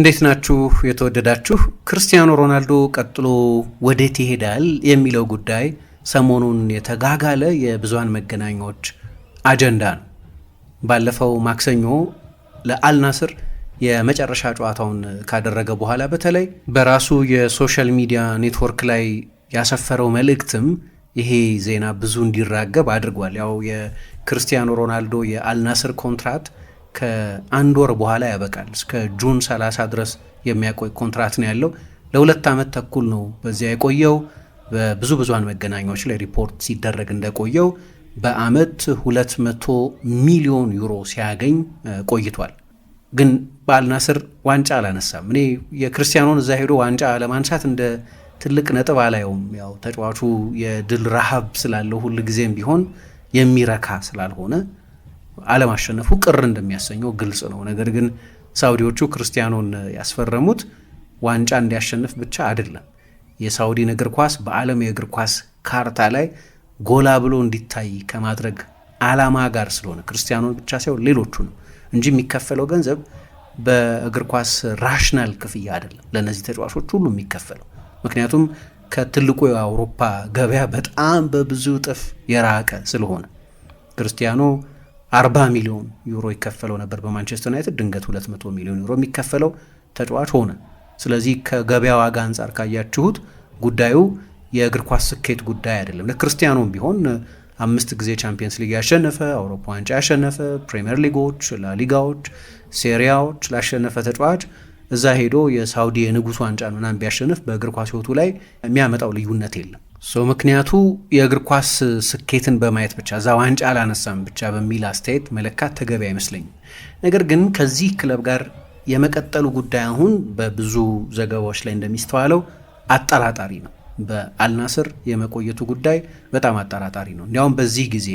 እንዴት ናችሁ የተወደዳችሁ። ክርስቲያኖ ሮናልዶ ቀጥሎ ወዴት ይሄዳል የሚለው ጉዳይ ሰሞኑን የተጋጋለ የብዙሃን መገናኛዎች አጀንዳ ነው። ባለፈው ማክሰኞ ለአልናስር የመጨረሻ ጨዋታውን ካደረገ በኋላ በተለይ በራሱ የሶሻል ሚዲያ ኔትወርክ ላይ ያሰፈረው መልእክትም ይሄ ዜና ብዙ እንዲራገብ አድርጓል። ያው የክርስቲያኖ ሮናልዶ የአልናስር ኮንትራት ከአንድ ወር በኋላ ያበቃል። እስከ ጁን 30 ድረስ የሚያቆይ ኮንትራት ነው ያለው። ለሁለት ዓመት ተኩል ነው በዚያ የቆየው። በብዙ ብዙሃን መገናኛዎች ላይ ሪፖርት ሲደረግ እንደቆየው በአመት 200 ሚሊዮን ዩሮ ሲያገኝ ቆይቷል። ግን በአልናስር ዋንጫ አላነሳም። እኔ የክርስቲያኖን እዛ ሄዶ ዋንጫ ለማንሳት እንደ ትልቅ ነጥብ አላየውም። ያው ተጫዋቹ የድል ረሃብ ስላለው ጊዜም ቢሆን የሚረካ ስላልሆነ አለማሸነፉ ቅር እንደሚያሰኘው ግልጽ ነው። ነገር ግን ሳውዲዎቹ ክርስቲያኖን ያስፈረሙት ዋንጫ እንዲያሸንፍ ብቻ አይደለም። የሳውዲን እግር ኳስ በዓለም የእግር ኳስ ካርታ ላይ ጎላ ብሎ እንዲታይ ከማድረግ አላማ ጋር ስለሆነ ክርስቲያኖን ብቻ ሳይሆን ነው እንጂ የሚከፈለው ገንዘብ በእግር ኳስ ራሽናል ክፍያ አይደለም ለእነዚህ ተጫዋቾች ሁሉ የሚከፈለው። ምክንያቱም ከትልቁ የአውሮፓ ገበያ በጣም በብዙ እጥፍ የራቀ ስለሆነ ክርስቲያኖ አርባ ሚሊዮን ዩሮ ይከፈለው ነበር በማንቸስተር ዩናይትድ ድንገት 200 ሚሊዮን ዩሮ የሚከፈለው ተጫዋች ሆነ። ስለዚህ ከገበያ ዋጋ አንጻር ካያችሁት ጉዳዩ የእግር ኳስ ስኬት ጉዳይ አይደለም። ለክርስቲያኖም ቢሆን አምስት ጊዜ ቻምፒየንስ ሊግ ያሸነፈ፣ አውሮፓ ዋንጫ ያሸነፈ፣ ፕሪምየር ሊጎች፣ ላሊጋዎች፣ ሴሪያዎች ላሸነፈ ተጫዋች እዛ ሄዶ የሳውዲ የንጉስ ዋንጫ ምናምን ቢያሸንፍ በእግር ኳስ ህይወቱ ላይ የሚያመጣው ልዩነት የለም። ምክንያቱ የእግር ኳስ ስኬትን በማየት ብቻ እዛ ዋንጫ አላነሳም ብቻ በሚል አስተያየት መለካት ተገቢ አይመስለኝም። ነገር ግን ከዚህ ክለብ ጋር የመቀጠሉ ጉዳይ አሁን በብዙ ዘገባዎች ላይ እንደሚስተዋለው አጠራጣሪ ነው። በአልናስር የመቆየቱ ጉዳይ በጣም አጠራጣሪ ነው። እንዲያውም በዚህ ጊዜ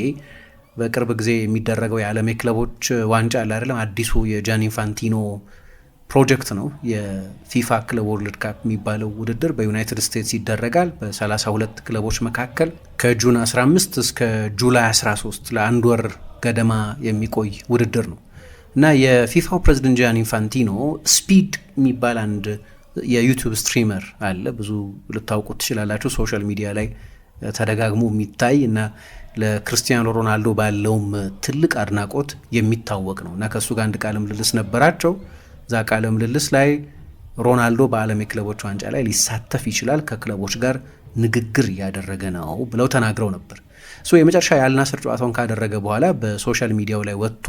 በቅርብ ጊዜ የሚደረገው የዓለም የክለቦች ዋንጫ አለ አይደለም አዲሱ የጃኒ ኢንፋንቲኖ ፕሮጀክት ነው። የፊፋ ክለብ ወርልድ ካፕ የሚባለው ውድድር በዩናይትድ ስቴትስ ይደረጋል በ32 ክለቦች መካከል ከጁን 15 እስከ ጁላይ 13 ለአንድ ወር ገደማ የሚቆይ ውድድር ነው እና የፊፋው ፕሬዚደንት ጃን ኢንፋንቲኖ ስፒድ የሚባል አንድ የዩቱብ ስትሪመር አለ። ብዙ ልታውቁት ትችላላችሁ። ሶሻል ሚዲያ ላይ ተደጋግሞ የሚታይ እና ለክርስቲያኖ ሮናልዶ ባለውም ትልቅ አድናቆት የሚታወቅ ነው እና ከእሱ ጋር አንድ ቃለ ምልልስ ነበራቸው። እዛ ቃለ ምልልስ ላይ ሮናልዶ በዓለም የክለቦች ዋንጫ ላይ ሊሳተፍ ይችላል፣ ከክለቦች ጋር ንግግር እያደረገ ነው ብለው ተናግረው ነበር። እሱ የመጨረሻ የአልናስር ጨዋታውን ካደረገ በኋላ በሶሻል ሚዲያው ላይ ወጥቶ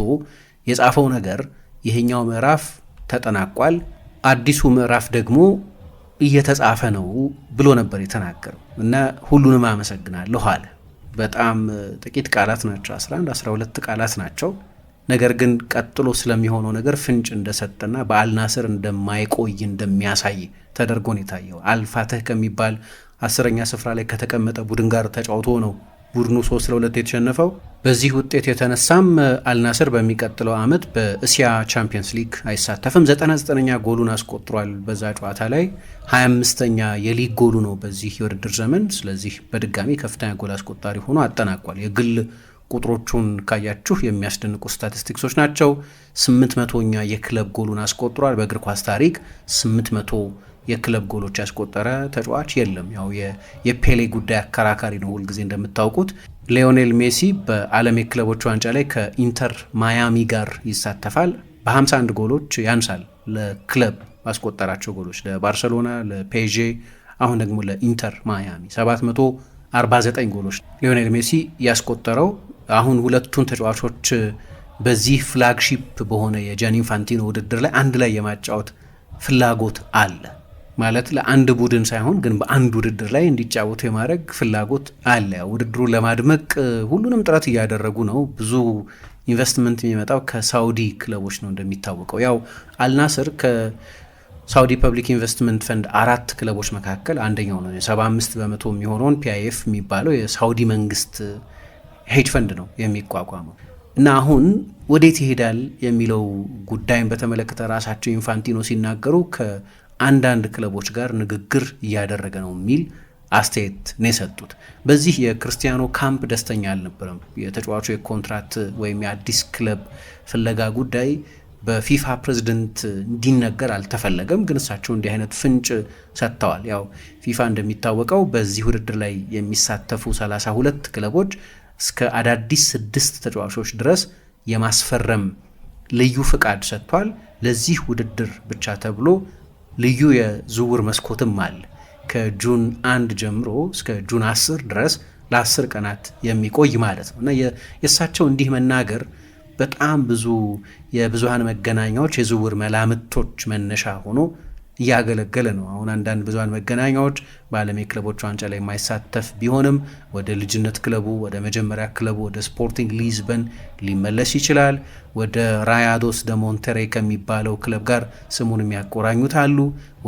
የጻፈው ነገር ይሄኛው ምዕራፍ ተጠናቋል፣ አዲሱ ምዕራፍ ደግሞ እየተጻፈ ነው ብሎ ነበር የተናገረው እና ሁሉንም አመሰግናለሁ አለ። በጣም ጥቂት ቃላት ናቸው፣ 11 12 ቃላት ናቸው። ነገር ግን ቀጥሎ ስለሚሆነው ነገር ፍንጭ እንደሰጠና በአልናስር እንደማይቆይ እንደሚያሳይ ተደርጎ ነው የታየው። አልፋተህ ከሚባል አስረኛ ስፍራ ላይ ከተቀመጠ ቡድን ጋር ተጫውቶ ነው ቡድኑ ሶስት ለሁለት የተሸነፈው። በዚህ ውጤት የተነሳም አልናስር በሚቀጥለው ዓመት በእስያ ቻምፒየንስ ሊግ አይሳተፍም። 99ኛ ጎሉን አስቆጥሯል። በዛ ጨዋታ ላይ 25ኛ የሊግ ጎሉ ነው በዚህ የውድድር ዘመን። ስለዚህ በድጋሚ ከፍተኛ ጎል አስቆጣሪ ሆኖ አጠናቋል። የግል ቁጥሮቹን ካያችሁ የሚያስደንቁ ስታቲስቲክሶች ናቸው። 800ኛ የክለብ ጎሉን አስቆጥሯል። በእግር ኳስ ታሪክ 800 የክለብ ጎሎች ያስቆጠረ ተጫዋች የለም። ያው የፔሌ ጉዳይ አከራካሪ ነው ሁልጊዜ እንደምታውቁት። ሊዮኔል ሜሲ በዓለም የክለቦች ዋንጫ ላይ ከኢንተር ማያሚ ጋር ይሳተፋል። በ51 ጎሎች ያንሳል ለክለብ ባስቆጠራቸው ጎሎች ለባርሰሎና፣ ለፔዤ አሁን ደግሞ ለኢንተር ማያሚ 749 ጎሎች ሊዮኔል ሜሲ ያስቆጠረው አሁን ሁለቱን ተጫዋቾች በዚህ ፍላግሺፕ በሆነ የጃኒ ኢንፋንቲኖ ውድድር ላይ አንድ ላይ የማጫወት ፍላጎት አለ ማለት ለአንድ ቡድን ሳይሆን ግን በአንድ ውድድር ላይ እንዲጫወቱ የማድረግ ፍላጎት አለ። ውድድሩ ለማድመቅ ሁሉንም ጥረት እያደረጉ ነው። ብዙ ኢንቨስትመንት የሚመጣው ከሳውዲ ክለቦች ነው እንደሚታወቀው። ያው አልናስር ከሳውዲ ፐብሊክ ኢንቨስትመንት ፈንድ አራት ክለቦች መካከል አንደኛው ነው። 75 በመቶ የሚሆነውን ፒአይኤፍ የሚባለው የሳውዲ መንግስት ሄጅ ፈንድ ነው የሚቋቋመው እና አሁን ወዴት ይሄዳል የሚለው ጉዳይን በተመለከተ ራሳቸው ኢንፋንቲኖ ሲናገሩ ከአንዳንድ ክለቦች ጋር ንግግር እያደረገ ነው የሚል አስተያየት ነው የሰጡት። በዚህ የክርስቲያኖ ካምፕ ደስተኛ አልነበረም። የተጫዋቹ የኮንትራት ወይም የአዲስ ክለብ ፍለጋ ጉዳይ በፊፋ ፕሬዝደንት እንዲነገር አልተፈለገም፣ ግን እሳቸው እንዲህ አይነት ፍንጭ ሰጥተዋል። ያው ፊፋ እንደሚታወቀው በዚህ ውድድር ላይ የሚሳተፉ 32 ክለቦች እስከ አዳዲስ ስድስት ተጫዋቾች ድረስ የማስፈረም ልዩ ፍቃድ ሰጥቷል። ለዚህ ውድድር ብቻ ተብሎ ልዩ የዝውውር መስኮትም አለ። ከጁን አንድ ጀምሮ እስከ ጁን አስር ድረስ ለአስር ቀናት የሚቆይ ማለት ነው እና የእሳቸው እንዲህ መናገር በጣም ብዙ የብዙሃን መገናኛዎች የዝውውር መላምቶች መነሻ ሆኖ እያገለገለ ነው። አሁን አንዳንድ ብዙሃን መገናኛዎች በዓለም የክለቦች ዋንጫ ላይ የማይሳተፍ ቢሆንም ወደ ልጅነት ክለቡ ወደ መጀመሪያ ክለቡ ወደ ስፖርቲንግ ሊዝበን ሊመለስ ይችላል። ወደ ራያዶስ ደ ሞንተሬ ከሚባለው ክለብ ጋር ስሙን የሚያቆራኙት አሉ።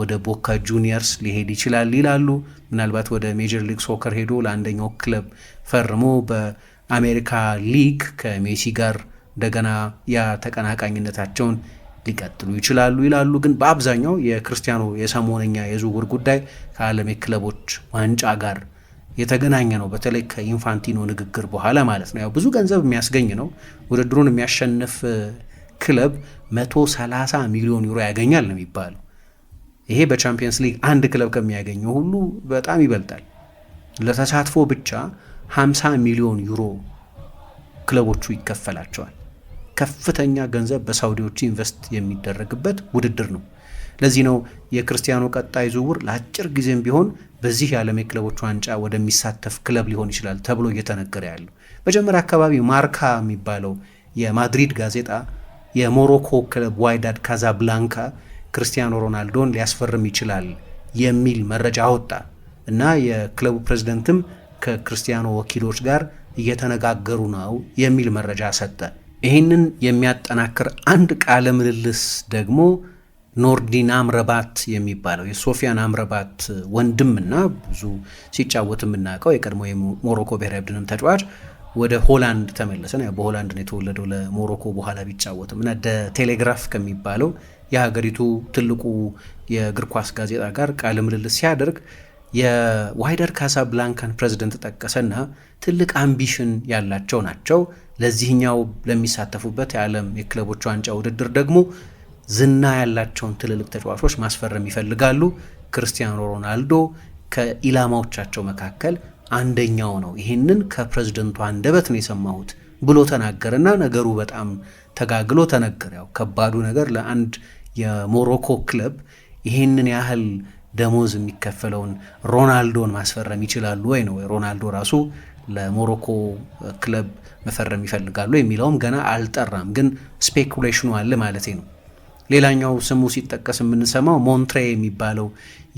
ወደ ቦካ ጁኒየርስ ሊሄድ ይችላል ይላሉ። ምናልባት ወደ ሜጀር ሊግ ሶከር ሄዶ ለአንደኛው ክለብ ፈርሞ በአሜሪካ ሊግ ከሜሲ ጋር እንደገና ያ ተቀናቃኝነታቸውን ሊቀጥሉ ይችላሉ ይላሉ። ግን በአብዛኛው የክርስቲያኖ የሰሞነኛ የዝውውር ጉዳይ ከዓለም የክለቦች ዋንጫ ጋር የተገናኘ ነው። በተለይ ከኢንፋንቲኖ ንግግር በኋላ ማለት ነው። ያው ብዙ ገንዘብ የሚያስገኝ ነው። ውድድሩን የሚያሸንፍ ክለብ 130 ሚሊዮን ዩሮ ያገኛል ነው የሚባለው። ይሄ በቻምፒየንስ ሊግ አንድ ክለብ ከሚያገኘው ሁሉ በጣም ይበልጣል። ለተሳትፎ ብቻ 50 ሚሊዮን ዩሮ ክለቦቹ ይከፈላቸዋል። ከፍተኛ ገንዘብ በሳውዲዎቹ ኢንቨስት የሚደረግበት ውድድር ነው። ለዚህ ነው የክርስቲያኖ ቀጣይ ዝውውር ለአጭር ጊዜም ቢሆን በዚህ የዓለም የክለቦች ዋንጫ ወደሚሳተፍ ክለብ ሊሆን ይችላል ተብሎ እየተነገረ ያለው። መጀመሪያ አካባቢ ማርካ የሚባለው የማድሪድ ጋዜጣ የሞሮኮ ክለብ ዋይዳድ ካዛብላንካ ክርስቲያኖ ሮናልዶን ሊያስፈርም ይችላል የሚል መረጃ አወጣ እና የክለቡ ፕሬዝደንትም ከክርስቲያኖ ወኪሎች ጋር እየተነጋገሩ ነው የሚል መረጃ ሰጠ። ይህንን የሚያጠናክር አንድ ቃለ ምልልስ ደግሞ ኖርዲን አምረባት የሚባለው የሶፊያን አምረባት ወንድምና ብዙ ሲጫወት የምናውቀው የቀድሞ የሞሮኮ ብሔራዊ ቡድንም ተጫዋች ወደ ሆላንድ ተመለሰ። በሆላንድ ነው የተወለደው ለሞሮኮ በኋላ ቢጫወትም እና ደ ቴሌግራፍ ከሚባለው የሀገሪቱ ትልቁ የእግር ኳስ ጋዜጣ ጋር ቃለ ምልልስ ሲያደርግ የዋይደር ካሳብላንካን ፕሬዚደንት ጠቀሰና ትልቅ አምቢሽን ያላቸው ናቸው ለዚህኛው ለሚሳተፉበት የዓለም የክለቦች ዋንጫ ውድድር ደግሞ ዝና ያላቸውን ትልልቅ ተጫዋቾች ማስፈረም ይፈልጋሉ። ክርስቲያኖ ሮናልዶ ከኢላማዎቻቸው መካከል አንደኛው ነው። ይህንን ከፕሬዝደንቱ አንደበት ነው የሰማሁት ብሎ ተናገረና ነገሩ በጣም ተጋግሎ ተነገረ። ያው ከባዱ ነገር ለአንድ የሞሮኮ ክለብ ይህንን ያህል ደሞዝ የሚከፈለውን ሮናልዶን ማስፈረም ይችላሉ ወይ ነው። ሮናልዶ ራሱ ለሞሮኮ ክለብ መፈረም ይፈልጋሉ የሚለውም ገና አልጠራም፣ ግን ስፔኩሌሽኑ አለ ማለት ነው። ሌላኛው ስሙ ሲጠቀስ የምንሰማው ሞንትሬ የሚባለው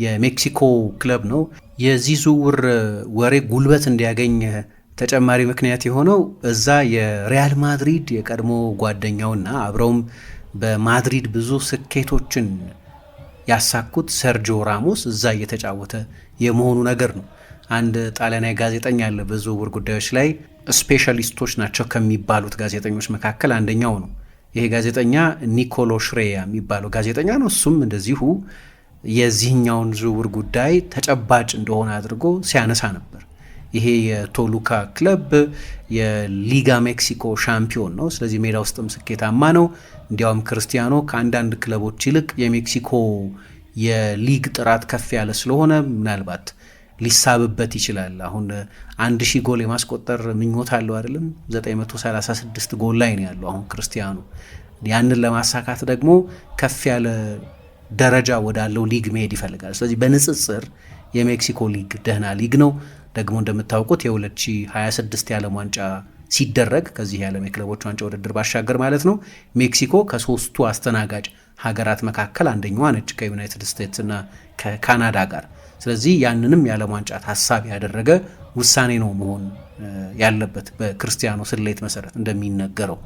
የሜክሲኮ ክለብ ነው። የዚህ ዝውውር ወሬ ጉልበት እንዲያገኝ ተጨማሪ ምክንያት የሆነው እዛ የሪያል ማድሪድ የቀድሞ ጓደኛውና አብረውም በማድሪድ ብዙ ስኬቶችን ያሳኩት ሰርጂዮ ራሞስ እዛ እየተጫወተ የመሆኑ ነገር ነው። አንድ ጣሊያናዊ ጋዜጠኛ አለ በዝውውር ጉዳዮች ላይ ስፔሻሊስቶች ናቸው ከሚባሉት ጋዜጠኞች መካከል አንደኛው ነው። ይሄ ጋዜጠኛ ኒኮሎ ሽሬያ የሚባለው ጋዜጠኛ ነው። እሱም እንደዚሁ የዚህኛውን ዝውውር ጉዳይ ተጨባጭ እንደሆነ አድርጎ ሲያነሳ ነበር። ይሄ የቶሉካ ክለብ የሊጋ ሜክሲኮ ሻምፒዮን ነው። ስለዚህ ሜዳ ውስጥም ስኬታማ ነው። እንዲያውም ክርስቲያኖ ከአንዳንድ ክለቦች ይልቅ የሜክሲኮ የሊግ ጥራት ከፍ ያለ ስለሆነ ምናልባት ሊሳብበት ይችላል። አሁን አንድ ሺህ ጎል የማስቆጠር ምኞት አለው አይደለም? 936 ጎል ላይ ነው ያለው አሁን ክርስቲያኑ። ያንን ለማሳካት ደግሞ ከፍ ያለ ደረጃ ወዳለው ሊግ መሄድ ይፈልጋል። ስለዚህ በንጽጽር የሜክሲኮ ሊግ ደህና ሊግ ነው። ደግሞ እንደምታውቁት የ2026 የዓለም ዋንጫ ሲደረግ ከዚህ የዓለም የክለቦች ዋንጫ ውድድር ባሻገር ማለት ነው ሜክሲኮ ከሶስቱ አስተናጋጅ ሀገራት መካከል አንደኛዋ ነች ከዩናይትድ ስቴትስ እና ከካናዳ ጋር ስለዚህ ያንንም የዓለም ዋንጫ ታሳቢ ያደረገ ውሳኔ ነው መሆን ያለበት በክርስቲያኖ ስሌት መሰረት እንደሚነገረው።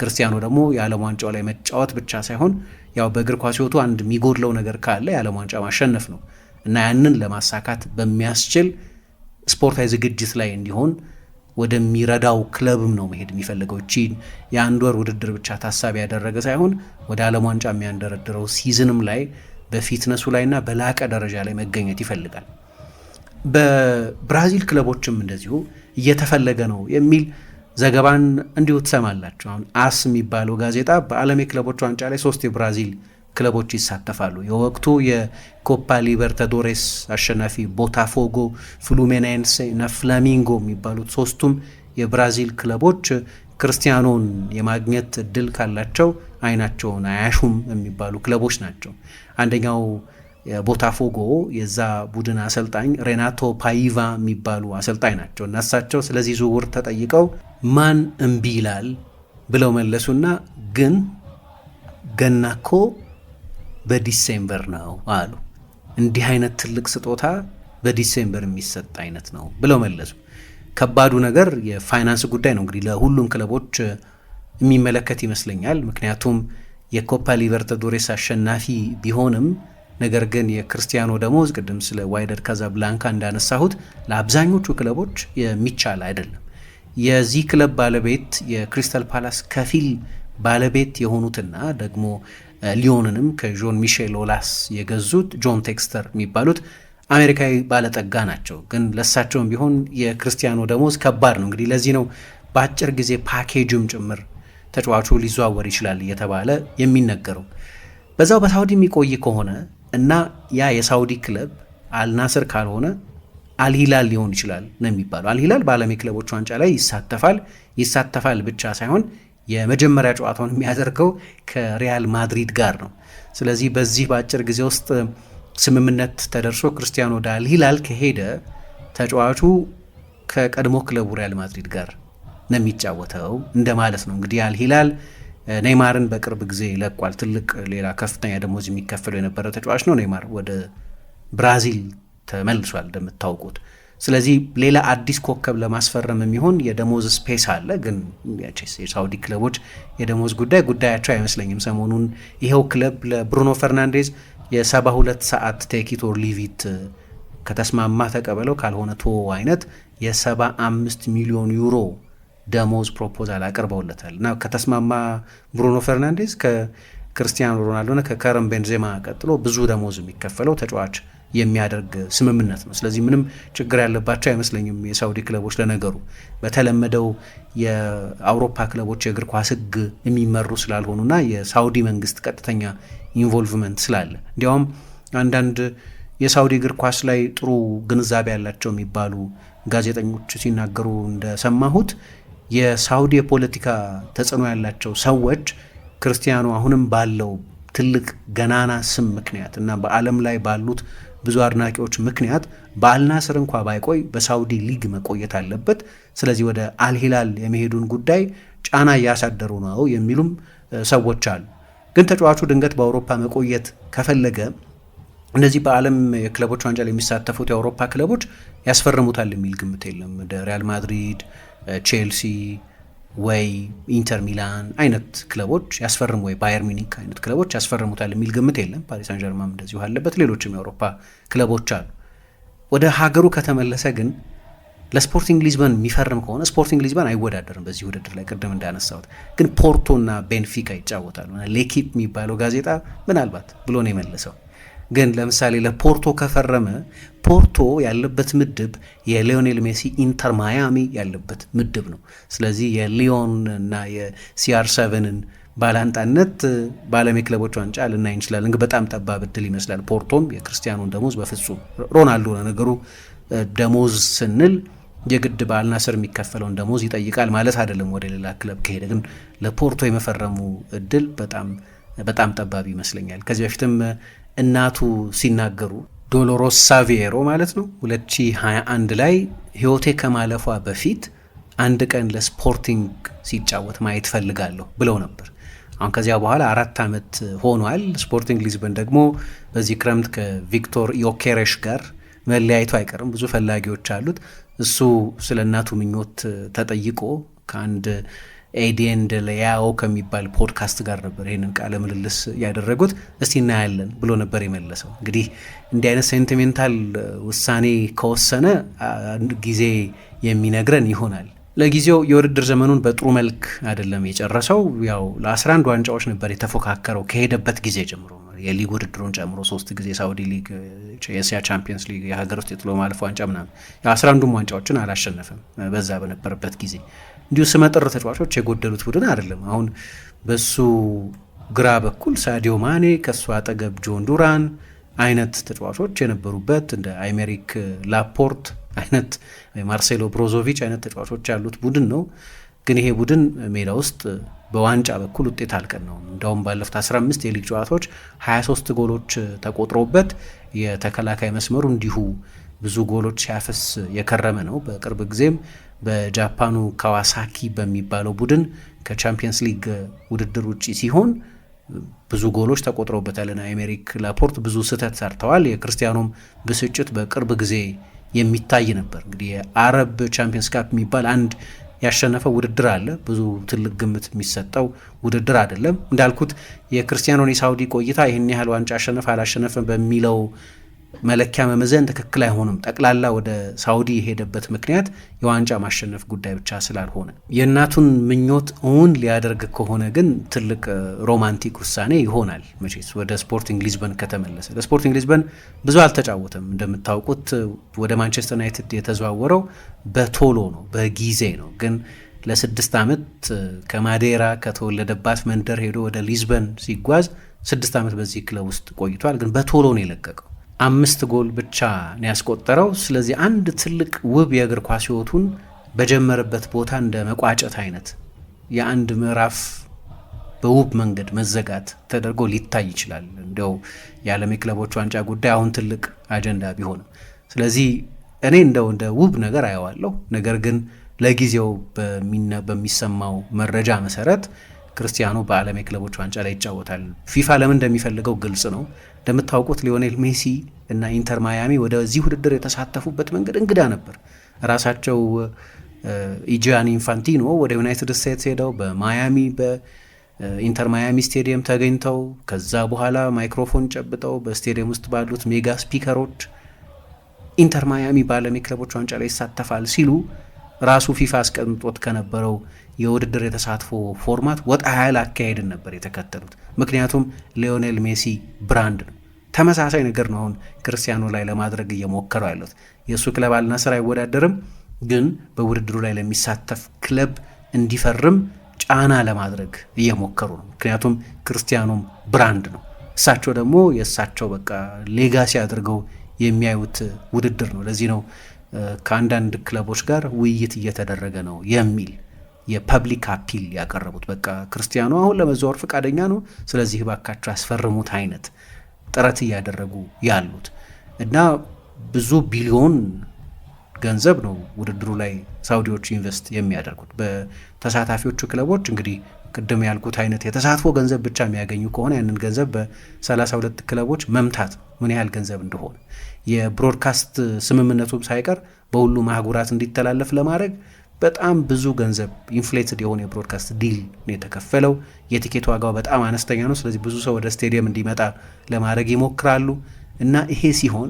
ክርስቲያኖ ደግሞ የዓለም ዋንጫው ላይ መጫወት ብቻ ሳይሆን ያው በእግር ኳስ ሕይወቱ አንድ የሚጎድለው ነገር ካለ የዓለም ዋንጫ ማሸነፍ ነው እና ያንን ለማሳካት በሚያስችል ስፖርታዊ ዝግጅት ላይ እንዲሆን ወደሚረዳው ክለብም ነው መሄድ የሚፈልገው። ቺን የአንድ ወር ውድድር ብቻ ታሳቢ ያደረገ ሳይሆን ወደ ዓለም ዋንጫ የሚያንደረድረው ሲዝንም ላይ በፊትነሱ ላይና በላቀ ደረጃ ላይ መገኘት ይፈልጋል። በብራዚል ክለቦችም እንደዚሁ እየተፈለገ ነው የሚል ዘገባን እንዲሁ ትሰማላችሁ። አሁን አስ የሚባለው ጋዜጣ በዓለም የክለቦች ዋንጫ ላይ ሶስት የብራዚል ክለቦች ይሳተፋሉ። የወቅቱ የኮፓ ሊበርታዶሬስ አሸናፊ ቦታፎጎ፣ ፍሉሜናንሴ እና ፍላሚንጎ የሚባሉት ሶስቱም የብራዚል ክለቦች ክርስቲያኖን የማግኘት እድል ካላቸው አይናቸውን አያሹም የሚባሉ ክለቦች ናቸው። አንደኛው ቦታፎጎ የዛ ቡድን አሰልጣኝ ሬናቶ ፓይቫ የሚባሉ አሰልጣኝ ናቸው እና እሳቸው ስለዚህ ዝውውር ተጠይቀው ማን እምቢ ይላል ብለው መለሱና ግን ገናኮ በዲሴምበር ነው አሉ። እንዲህ አይነት ትልቅ ስጦታ በዲሴምበር የሚሰጥ አይነት ነው ብለው መለሱ። ከባዱ ነገር የፋይናንስ ጉዳይ ነው እንግዲህ ለሁሉም ክለቦች የሚመለከት ይመስለኛል። ምክንያቱም የኮፓ ሊበርታዶሬስ አሸናፊ ቢሆንም ነገር ግን የክርስቲያኖ ደሞዝ ቅድም ስለ ዋይደር ካዛብላንካ እንዳነሳሁት ለአብዛኞቹ ክለቦች የሚቻል አይደለም። የዚህ ክለብ ባለቤት የክሪስታል ፓላስ ከፊል ባለቤት የሆኑትና ደግሞ ሊዮንንም ከዦን ሚሼል ኦላስ የገዙት ጆን ቴክስተር የሚባሉት አሜሪካዊ ባለጠጋ ናቸው። ግን ለሳቸውም ቢሆን የክርስቲያኖ ደሞዝ ከባድ ነው። እንግዲህ ለዚህ ነው በአጭር ጊዜ ፓኬጅም ጭምር ተጫዋቹ ሊዘዋወር ይችላል እየተባለ የሚነገረው። በዛው በሳውዲ የሚቆይ ከሆነ እና ያ የሳውዲ ክለብ አልናስር ካልሆነ አልሂላል ሊሆን ይችላል ነው የሚባለው። አልሂላል በዓለም የክለቦች ዋንጫ ላይ ይሳተፋል። ይሳተፋል ብቻ ሳይሆን የመጀመሪያ ጨዋታውን የሚያደርገው ከሪያል ማድሪድ ጋር ነው። ስለዚህ በዚህ በአጭር ጊዜ ውስጥ ስምምነት ተደርሶ ክርስቲያኖ ወደ አልሂላል ከሄደ ተጫዋቹ ከቀድሞ ክለቡ ሪያል ማድሪድ ጋር ነው የሚጫወተው እንደማለት ነው። እንግዲህ አልሂላል ኔይማርን በቅርብ ጊዜ ይለቋል። ትልቅ ሌላ ከፍተኛ ደሞዝ የሚከፈለው የነበረ ተጫዋች ነው። ኔይማር ወደ ብራዚል ተመልሷል እንደምታውቁት። ስለዚህ ሌላ አዲስ ኮከብ ለማስፈረም የሚሆን የደሞዝ ስፔስ አለ። ግን የሳውዲ ክለቦች የደሞዝ ጉዳይ ጉዳያቸው አይመስለኝም። ሰሞኑን ይኸው ክለብ ለብሩኖ ፈርናንዴዝ የ72 ሰዓት ቴኪት ሊቪት ከተስማማ ተቀበለው፣ ካልሆነ ቶ አይነት የ75 ሚሊዮን ዩሮ ደሞዝ ፕሮፖዛል አቅርበውለታል እና ከተስማማ ብሩኖ ፈርናንዴዝ ከክርስቲያኖ ሮናልዶና ከከረም ቤንዜማ ቀጥሎ ብዙ ደሞዝ የሚከፈለው ተጫዋች የሚያደርግ ስምምነት ነው። ስለዚህ ምንም ችግር ያለባቸው አይመስለኝም የሳውዲ ክለቦች። ለነገሩ በተለመደው የአውሮፓ ክለቦች የእግር ኳስ ሕግ የሚመሩ ስላልሆኑና የሳውዲ መንግስት ቀጥተኛ ኢንቮልቭመንት ስላለ እንዲያውም አንዳንድ የሳውዲ እግር ኳስ ላይ ጥሩ ግንዛቤ ያላቸው የሚባሉ ጋዜጠኞች ሲናገሩ እንደሰማሁት የሳውዲ የፖለቲካ ተጽዕኖ ያላቸው ሰዎች ክርስቲያኑ አሁንም ባለው ትልቅ ገናና ስም ምክንያት እና በዓለም ላይ ባሉት ብዙ አድናቂዎች ምክንያት በአልናስር እንኳ ባይቆይ በሳውዲ ሊግ መቆየት አለበት፣ ስለዚህ ወደ አልሂላል የመሄዱን ጉዳይ ጫና እያሳደሩ ነው የሚሉም ሰዎች አሉ። ግን ተጫዋቹ ድንገት በአውሮፓ መቆየት ከፈለገ እነዚህ በዓለም የክለቦች ዋንጫ ላይ የሚሳተፉት የአውሮፓ ክለቦች ያስፈርሙታል የሚል ግምት የለም። እንደ ሪያል ማድሪድ፣ ቼልሲ ወይ ኢንተር ሚላን አይነት ክለቦች ያስፈርሙ ወይ ባየር ሚኒክ አይነት ክለቦች ያስፈርሙታል የሚል ግምት የለም። ፓሪስ ሳን ጀርማም እንደዚሁ አለበት። ሌሎችም የአውሮፓ ክለቦች አሉ። ወደ ሀገሩ ከተመለሰ ግን ለስፖርቲንግ ሊዝበን የሚፈርም ከሆነ ስፖርቲንግ ሊዝበን አይወዳደርም በዚህ ውድድር ላይ። ቅድም እንዳነሳሁት ግን ፖርቶና ቤንፊካ ይጫወታሉ። ሌኪፕ የሚባለው ጋዜጣ ምናልባት ብሎ ነው የመለሰው። ግን ለምሳሌ ለፖርቶ ከፈረመ ፖርቶ ያለበት ምድብ የሊዮኔል ሜሲ ኢንተር ማያሚ ያለበት ምድብ ነው። ስለዚህ የሊዮን እና የሲአር ሰቨንን ባላንጣነት በዓለም የክለቦች ዋንጫ ልናይ እንችላለን። ግን በጣም ጠባብ እድል ይመስላል። ፖርቶም የክርስቲያኑን ደሞዝ በፍጹም ሮናልዶ ነገሩ ደሞዝ ስንል የግድ በአልናስር የሚከፈለውን ደሞዝ ይጠይቃል ማለት አይደለም። ወደ ሌላ ክለብ ከሄደ ግን ለፖርቶ የመፈረሙ እድል በጣም በጣም ጠባብ ይመስለኛል። ከዚህ በፊትም እናቱ ሲናገሩ ዶሎሮስ ሳቪየሮ ማለት ነው 2021 ላይ ህይወቴ ከማለፏ በፊት አንድ ቀን ለስፖርቲንግ ሲጫወት ማየት ፈልጋለሁ ብለው ነበር። አሁን ከዚያ በኋላ አራት ዓመት ሆኗል። ስፖርቲንግ ሊዝበን ደግሞ በዚህ ክረምት ከቪክቶር ዮኬሬሽ ጋር መለያየቱ አይቀርም። ብዙ ፈላጊዎች አሉት። እሱ ስለ እናቱ ምኞት ተጠይቆ ከአንድ ኤዴን ደለያው ከሚባል ፖድካስት ጋር ነበር ይህንን ቃለ ምልልስ ያደረጉት። እስቲ እናያለን ብሎ ነበር የመለሰው። እንግዲህ እንዲህ አይነት ሴንቲሜንታል ውሳኔ ከወሰነ ጊዜ የሚነግረን ይሆናል። ለጊዜው የውድድር ዘመኑን በጥሩ መልክ አይደለም የጨረሰው። ያው ለ11 ዋንጫዎች ነበር የተፎካከረው ከሄደበት ጊዜ ጀምሮ የሊግ ውድድሩን ጨምሮ ሶስት ጊዜ ሳውዲ ሊግ፣ የእስያ ቻምፒየንስ ሊግ፣ የሀገር ውስጥ የጥሎ ማለፍ ዋንጫ ምናምን የ11ዱም ዋንጫዎችን አላሸነፈም በዛ በነበረበት ጊዜ እንዲሁ ስመጥር ተጫዋቾች የጎደሉት ቡድን አይደለም። አሁን በሱ ግራ በኩል ሳዲዮ ማኔ፣ ከእሱ አጠገብ ጆን ዱራን አይነት ተጫዋቾች የነበሩበት እንደ አይሜሪክ ላፖርት አይነት ማርሴሎ ብሮዞቪች አይነት ተጫዋቾች ያሉት ቡድን ነው። ግን ይሄ ቡድን ሜዳ ውስጥ በዋንጫ በኩል ውጤት አልቀን ነው። እንደውም ባለፉት 15 የሊግ ጨዋታዎች 23 ጎሎች ተቆጥሮበት የተከላካይ መስመሩ እንዲሁ ብዙ ጎሎች ሲያፈስ የከረመ ነው። በቅርብ ጊዜም በጃፓኑ ካዋሳኪ በሚባለው ቡድን ከቻምፒየንስ ሊግ ውድድር ውጭ ሲሆን ብዙ ጎሎች ተቆጥረውበታልና ኤሜሪክ ላፖርት ብዙ ስህተት ሰርተዋል። የክርስቲያኖም ብስጭት በቅርብ ጊዜ የሚታይ ነበር። እንግዲህ የአረብ ቻምፒየንስ ካፕ የሚባል አንድ ያሸነፈ ውድድር አለ። ብዙ ትልቅ ግምት የሚሰጠው ውድድር አይደለም። እንዳልኩት የክርስቲያኖን የሳውዲ ቆይታ ይህን ያህል ዋንጫ አሸነፈ አላሸነፈ በሚለው መለኪያ መመዘን ትክክል አይሆንም። ጠቅላላ ወደ ሳውዲ የሄደበት ምክንያት የዋንጫ ማሸነፍ ጉዳይ ብቻ ስላልሆነ የእናቱን ምኞት እውን ሊያደርግ ከሆነ ግን ትልቅ ሮማንቲክ ውሳኔ ይሆናል። መቼስ ወደ ስፖርቲንግ ሊዝበን ከተመለሰ ለስፖርቲንግ ሊዝበን ብዙ አልተጫወተም። እንደምታውቁት ወደ ማንቸስተር ዩናይትድ የተዘዋወረው በቶሎ ነው፣ በጊዜ ነው ግን ለስድስት ዓመት ከማዴራ ከተወለደባት መንደር ሄዶ ወደ ሊዝበን ሲጓዝ ስድስት ዓመት በዚህ ክለብ ውስጥ ቆይቷል። ግን በቶሎ ነው የለቀቀው። አምስት ጎል ብቻ ነው ያስቆጠረው። ስለዚህ አንድ ትልቅ ውብ የእግር ኳስ ህይወቱን በጀመረበት ቦታ እንደ መቋጨት አይነት የአንድ ምዕራፍ በውብ መንገድ መዘጋት ተደርጎ ሊታይ ይችላል። እንዲያው የዓለም የክለቦች ዋንጫ ጉዳይ አሁን ትልቅ አጀንዳ ቢሆንም ስለዚህ እኔ እንደው እንደ ውብ ነገር አየዋለሁ። ነገር ግን ለጊዜው በሚሰማው መረጃ መሰረት ክርስቲያኖ በዓለም የክለቦች ዋንጫ ላይ ይጫወታል። ፊፋ ለምን እንደሚፈልገው ግልጽ ነው። እንደምታውቁት ሊዮኔል ሜሲ እና ኢንተር ማያሚ ወደዚህ ውድድር የተሳተፉበት መንገድ እንግዳ ነበር። ራሳቸው ኢጂያን ኢንፋንቲኖ ወደ ዩናይትድ ስቴትስ ሄደው በማያሚ በኢንተር ማያሚ ስቴዲየም ተገኝተው ከዛ በኋላ ማይክሮፎን ጨብጠው በስቴዲየም ውስጥ ባሉት ሜጋ ስፒከሮች ኢንተር ማያሚ በዓለም የክለቦች ዋንጫ ላይ ይሳተፋል ሲሉ ራሱ ፊፋ አስቀምጦት ከነበረው የውድድር የተሳትፎ ፎርማት ወጣ ያለ አካሄድን ነበር የተከተሉት። ምክንያቱም ሊዮኔል ሜሲ ብራንድ ነው። ተመሳሳይ ነገር ነው አሁን ክርስቲያኖ ላይ ለማድረግ እየሞከረው ያሉት። የእሱ ክለብ አልናስር አይወዳደርም፣ ግን በውድድሩ ላይ ለሚሳተፍ ክለብ እንዲፈርም ጫና ለማድረግ እየሞከሩ ነው። ምክንያቱም ክርስቲያኖም ብራንድ ነው፣ እሳቸው ደግሞ የእሳቸው በቃ ሌጋሲ አድርገው የሚያዩት ውድድር ነው። ለዚህ ነው ከአንዳንድ ክለቦች ጋር ውይይት እየተደረገ ነው የሚል የፐብሊክ አፒል ያቀረቡት። በቃ ክርስቲያኖ አሁን ለመዘዋወር ፈቃደኛ ነው፣ ስለዚህ ባካቸው ያስፈርሙት አይነት ጥረት እያደረጉ ያሉት እና ብዙ ቢሊዮን ገንዘብ ነው ውድድሩ ላይ ሳውዲዎቹ ኢንቨስት የሚያደርጉት። በተሳታፊዎቹ ክለቦች እንግዲህ ቅድም ያልኩት አይነት የተሳትፎ ገንዘብ ብቻ የሚያገኙ ከሆነ ያንን ገንዘብ በ32 ክለቦች መምታት ምን ያህል ገንዘብ እንደሆነ የብሮድካስት ስምምነቱም ሳይቀር በሁሉም አህጉራት እንዲተላለፍ ለማድረግ በጣም ብዙ ገንዘብ ኢንፍሌትድ የሆነ የብሮድካስት ዲል ነው የተከፈለው። የቲኬት ዋጋው በጣም አነስተኛ ነው። ስለዚህ ብዙ ሰው ወደ ስቴዲየም እንዲመጣ ለማድረግ ይሞክራሉ እና ይሄ ሲሆን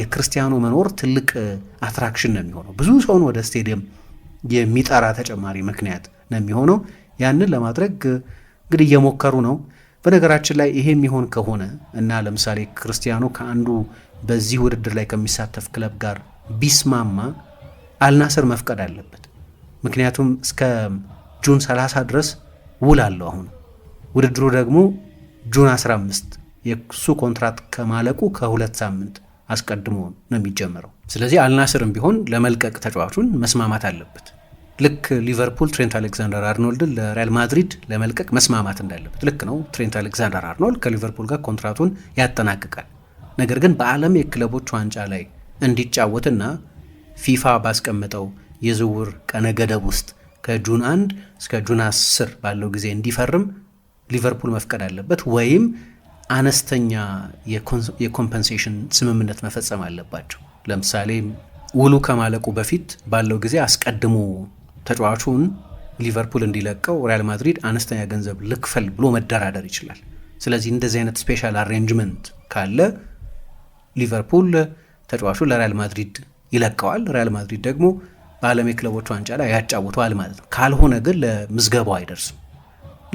የክርስቲያኖ መኖር ትልቅ አትራክሽን ነው የሚሆነው። ብዙ ሰውን ወደ ስቴዲየም የሚጠራ ተጨማሪ ምክንያት ነው የሚሆነው። ያንን ለማድረግ እንግዲህ እየሞከሩ ነው። በነገራችን ላይ ይሄ የሚሆን ከሆነ እና ለምሳሌ ክርስቲያኖ ከአንዱ በዚህ ውድድር ላይ ከሚሳተፍ ክለብ ጋር ቢስማማ አልናስር መፍቀድ አለበት። ምክንያቱም እስከ ጁን 30 ድረስ ውል አለው። አሁን ውድድሩ ደግሞ ጁን 15 የሱ ኮንትራት ከማለቁ ከሁለት ሳምንት አስቀድሞ ነው የሚጀመረው። ስለዚህ አልናስርም ቢሆን ለመልቀቅ ተጫዋቹን መስማማት አለበት። ልክ ሊቨርፑል ትሬንት አሌክዛንደር አርኖልድን ለሪያል ማድሪድ ለመልቀቅ መስማማት እንዳለበት ልክ ነው። ትሬንት አሌክዛንደር አርኖልድ ከሊቨርፑል ጋር ኮንትራቱን ያጠናቅቃል። ነገር ግን በዓለም የክለቦች ዋንጫ ላይ እንዲጫወትና ፊፋ ባስቀመጠው የዝውውር ቀነ ገደብ ውስጥ ከጁን አንድ እስከ ጁን አስር ባለው ጊዜ እንዲፈርም ሊቨርፑል መፍቀድ አለበት ወይም አነስተኛ የኮምፐንሴሽን ስምምነት መፈጸም አለባቸው። ለምሳሌ ውሉ ከማለቁ በፊት ባለው ጊዜ አስቀድሞ ተጫዋቹን ሊቨርፑል እንዲለቀው ሪያል ማድሪድ አነስተኛ ገንዘብ ልክፈል ብሎ መደራደር ይችላል። ስለዚህ እንደዚህ አይነት ስፔሻል አሬንጅመንት ካለ ሊቨርፑል ተጫዋቹ ለሪያል ማድሪድ ይለቀዋል። ሪያል ማድሪድ ደግሞ በዓለም የክለቦች ዋንጫ ላይ ያጫውተዋል ማለት ነው። ካልሆነ ግን ለምዝገባው አይደርስም።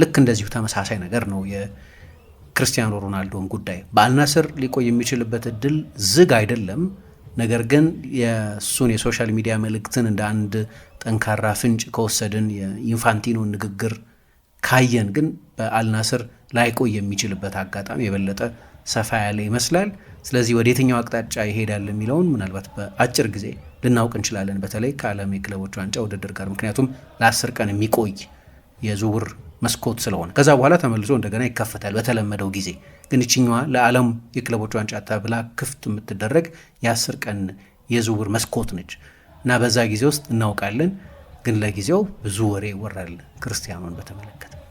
ልክ እንደዚሁ ተመሳሳይ ነገር ነው የክርስቲያኖ ሮናልዶን ጉዳይ። በአልናስር ሊቆይ የሚችልበት እድል ዝግ አይደለም። ነገር ግን የእሱን የሶሻል ሚዲያ መልእክትን እንደ አንድ ጠንካራ ፍንጭ ከወሰድን የኢንፋንቲኖን ንግግር ካየን ግን በአልናስር ላይቆይ የሚችልበት አጋጣሚ የበለጠ ሰፋ ያለ ይመስላል። ስለዚህ ወደ የትኛው አቅጣጫ ይሄዳል የሚለውን ምናልባት በአጭር ጊዜ ልናውቅ እንችላለን። በተለይ ከዓለም የክለቦች ዋንጫ ውድድር ጋር ምክንያቱም ለአስር ቀን የሚቆይ የዝውውር መስኮት ስለሆነ ከዛ በኋላ ተመልሶ እንደገና ይከፈታል በተለመደው ጊዜ። ግን ይችኛዋ ለዓለም የክለቦች ዋንጫ ተብላ ክፍት የምትደረግ የአስር ቀን የዝውውር መስኮት ነች እና በዛ ጊዜ ውስጥ እናውቃለን። ግን ለጊዜው ብዙ ወሬ ይወራል ክርስቲያኖን በተመለከተ